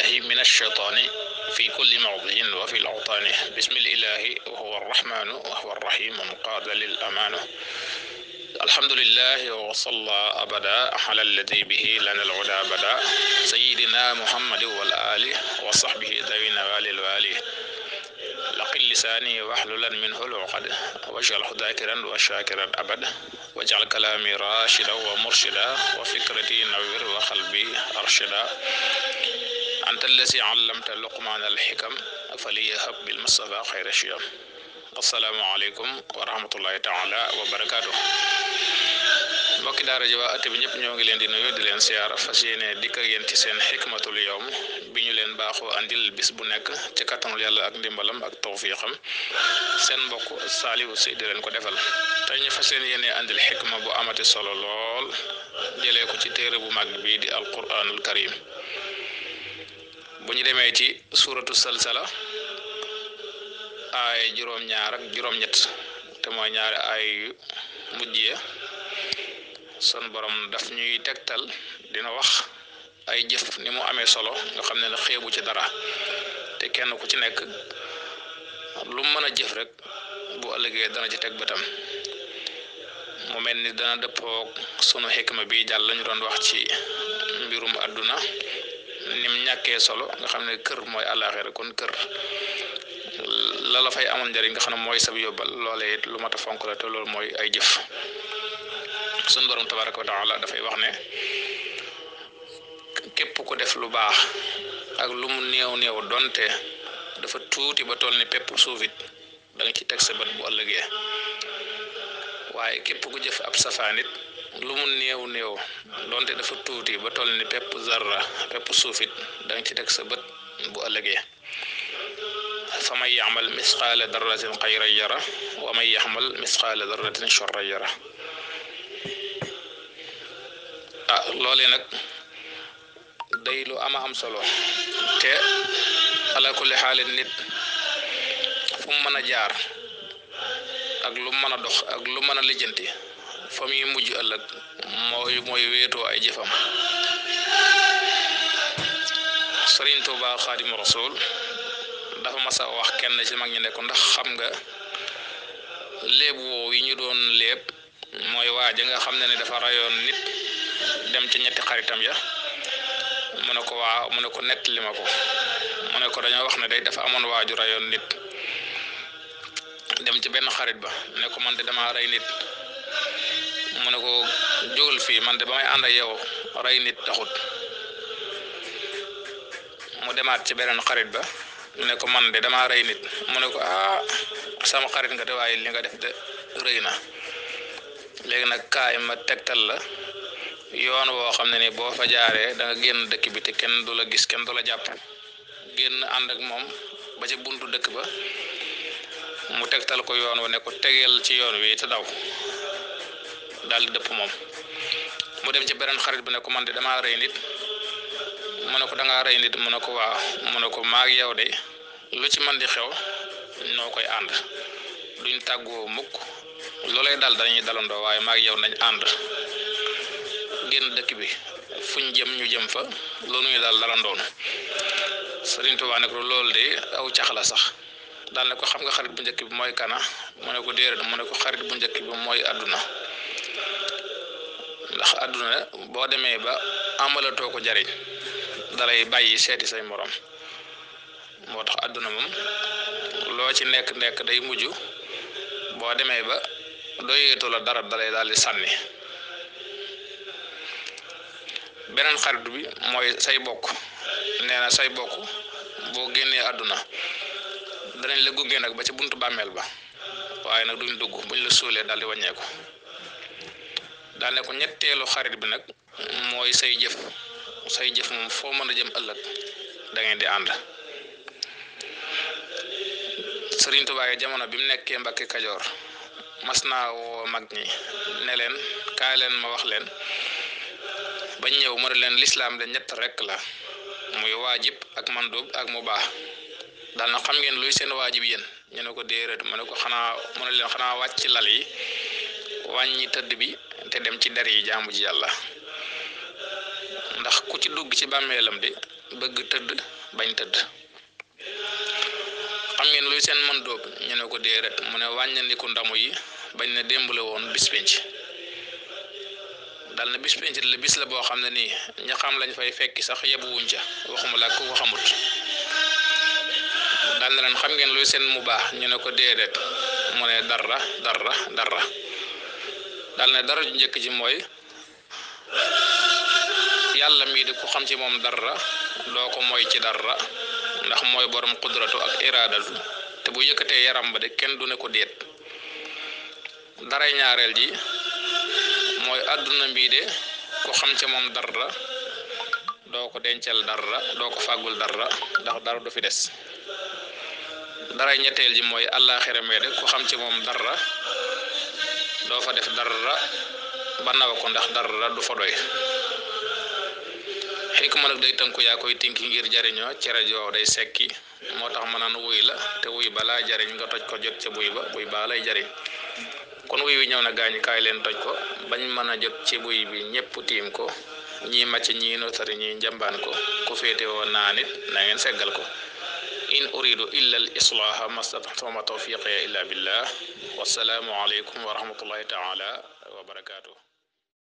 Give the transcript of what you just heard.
billahi min alshaytaani fi kulli mawdiin wa fi lawtaani bismi lilahi wa huwa arrahmaanu wa huwa arrahiimu alqaada lil amaanu alhamdulillahi wa salla abada ala alladi bihi lana alhuda abada sayidina muhammadi wal aali wa sahbihi dawina waalil waali laqil lisaani waxlulan minhu luqad waj'alhu daakiran wa shaakiran abad waj'al kalaami raashida wa murshida wa fikrati nawwir wa qalbi arshida anta allasi allamta luqmaan alxikam fali yahab bil mustafa xayra shiyam assalaamu aleykum wa rahmatullahi taala wa barakaatu mbokki daara ji waa at bi ñëpp ñoo ngi leen di nuyu di leen siyaara fas yéene dikk ak yéen ci seen xikmatul yawm bi ñu leen baaxoo andil bis bu nekk ci kattanul yàlla ak ndimbalam ak tawfiixam seen mbokk saaliwu si di leen ko defal te ñu fas leen yéene andil xikma bu amati solo lool jëlee ko ci téere bu mag bii di alquranul karim bu ñu demee ci suuratu salsala ay juróom-ñaar ak juróom-ñett te mooy ñaari ay mujj ya son boroom daf ñuy tegtal dina wax ay jëf ni mu amee solo nga xam ne ne xeebu ci dara te kenn ku ci nekk lu mën a jëf rekk bu ëllëgee dana ci teg bëtam mu mel ni dana dëppoog sunu xikma bi jàll lañu doon wax ci mbirum àdduna nim ñàkkee solo nga xam ne kër mooy àllaaxira kon kër la fay amoon njëriñ nga xam ne mooy sab yóbbal loolee it lu mat a fonk la te loolu mooy ay jëf suñ borom tabaraka wa dafay wax ne képp ko def lu baax ak lu mu néew néew donte dafa tuuti ba toll ne pépp suufit da nga ci teg sa bët bu ëllëgee waaye képp ku jëf ab safaanit lu mu néew néew donte dafa tuuti ba toll ni pepp zarra pepp suufit danga ci teg sa bët bu ëllëgee fa man yaxmal misqaala darratin xayran yara wa man yaxmal misqaala darratin sharran yara ah loole nag day lu ama am solo te ala kulli xaali nit fu mu mën a jaar ak lu mën a dox ak lu mën a lijjanti fa mujj ëllëg mooy mooy ay jëfam Sëriñ Tuubaa Xaadimu Rasuul dafa masa a wax kenn ci mag ñi ne ndax xam nga léeb yi ñu doon léeb mooy waa ja nga xam ne ne dafa rayoon nit dem ca ñetti xaritam ya mu ne ko waa mu ne ko nett li ko mu ne dañoo wax ne day dafa amoon waaju rayoon nit dem ci benn xarit ba ne ko man de dama rey nit mu ne ko jógal fii man de ba may ànd ak yow rey nit taxut mu demaat ci beneen xarit ba ne ko man de damaa rey nit mu ne ko ah sama xarit nga de waaye li nga def de rëy na léegi nag kaay ma tegtal la yoon woo xam ne ni boo fa jaaree da génn dëkk bi te kenn du la gis kenn du la jàpp génn ànd ak moom ba ci buntu dëkk ba mu tegtal ko yoon wa ne ko tegeel ci yoon wi te daw daal dëpp moom mu dem ci beneen xarit bi ne ko man de damaa rey nit mu ne ko dangaa rey nit mu ne ko waa mu ne ko maa yow de lu ci man di xew noo koy ànd duñ tàggoo mukk loolay dal dañuy dalandoo waaye maa yow nañ ànd génn dëkk bi fuñ jëm ñu jëm fa loolu ñu daal dalandoon Sëriñ Tuubaa ne ko loolu de aw cax la sax dal ne ko xam nga xarit bu njëkk bi mooy kana mu ne ko déedéet mu ne ko xarit bu njëkk bi mooy àdduna ndax àdduna boo demee ba amalatoo ko jariñ dalay bàyyi seeti say moroom moo tax àdduna moom loo ci nekk nekk day mujj boo demee ba doyeetu la dara dalay daal di sànni beneen xarit bi mooy say bokk nee na say bokk boo génnee àdduna danañ la gunge nag ba ci buntu bàmmeel ba waaye nag duñ dugg buñ la suulee daal di wàññeeku. daa ne ko ñetteelu xarit bi nag mooy say jëf say jëf moom foo mën a jëm ëllëg da di ànd Sëriñ Tuubaa jamono bi mu nekkee Mbàkke Kajoor mas naa woo mag ñi ne leen kaa leen ma wax leen bañ ñëw mu leen lislaam de ñett rekk la muy waajib ak mandub ak mu baax daal na xam ngeen luy seen waajib yéen ñu ne ko déeréet mu ne ko xanaa mu ne leen xanaa wàcc lal yi wàññi tëdd bi te dem ci der yi jaamu ji yàlla ndax ku ci dugg ci bàmmeelam di bëgg tëdd bañ tëdd xam ngeen luy seen mën dóob ñu ne ko déere mu ne wàññandiku ndamu yi bañ na démb la woon bis dal na bis la bis la boo xam ne nii ña lañ fay fekki sax yebu ca waxuma la ko xamut dal na leen xam ngeen luy seen mu baax ñu ne ko déedéet mu ne dara dara dara dal ne dara ju njëkk ji mooy yàlla mii de ku xam ci moom dara doo ko mooy ci dara ndax mooy borom qudratu ak iraadatu te bu yëkkatee yaram ba de kenn du ne ko déet daray ñaareel ji mooy àdduna mbii de ku xam ci moom dara doo ko dencal dara doo ko fàggul dara ndax dara du fi des daray ñetteel ji mooy àllaaxira mee de ku xam ci moom dara doo fa def dara ba nawa ko ndax dara du fa doy xikma nag day tënku yaa koy tinki ngir jariñoo cere joo day sekki moo tax ma naan wuy la te wuy ba laa jariñ nga toj ko jot ca buy ba buy baa lay jariñ kon wuy wi ñëw na gaañi kaay leen toj ko bañ mën a jot ci buy bi ñépp tiim ko ñii màcc ñii notari ñii njambaan ko ku féete woo naa nit na ngeen seggal ko in uridu illa al islaaha mastatatu wa ma tawfiqi illa billah wassalaamu aleykum wa rahmatullahi taala wa barakatuh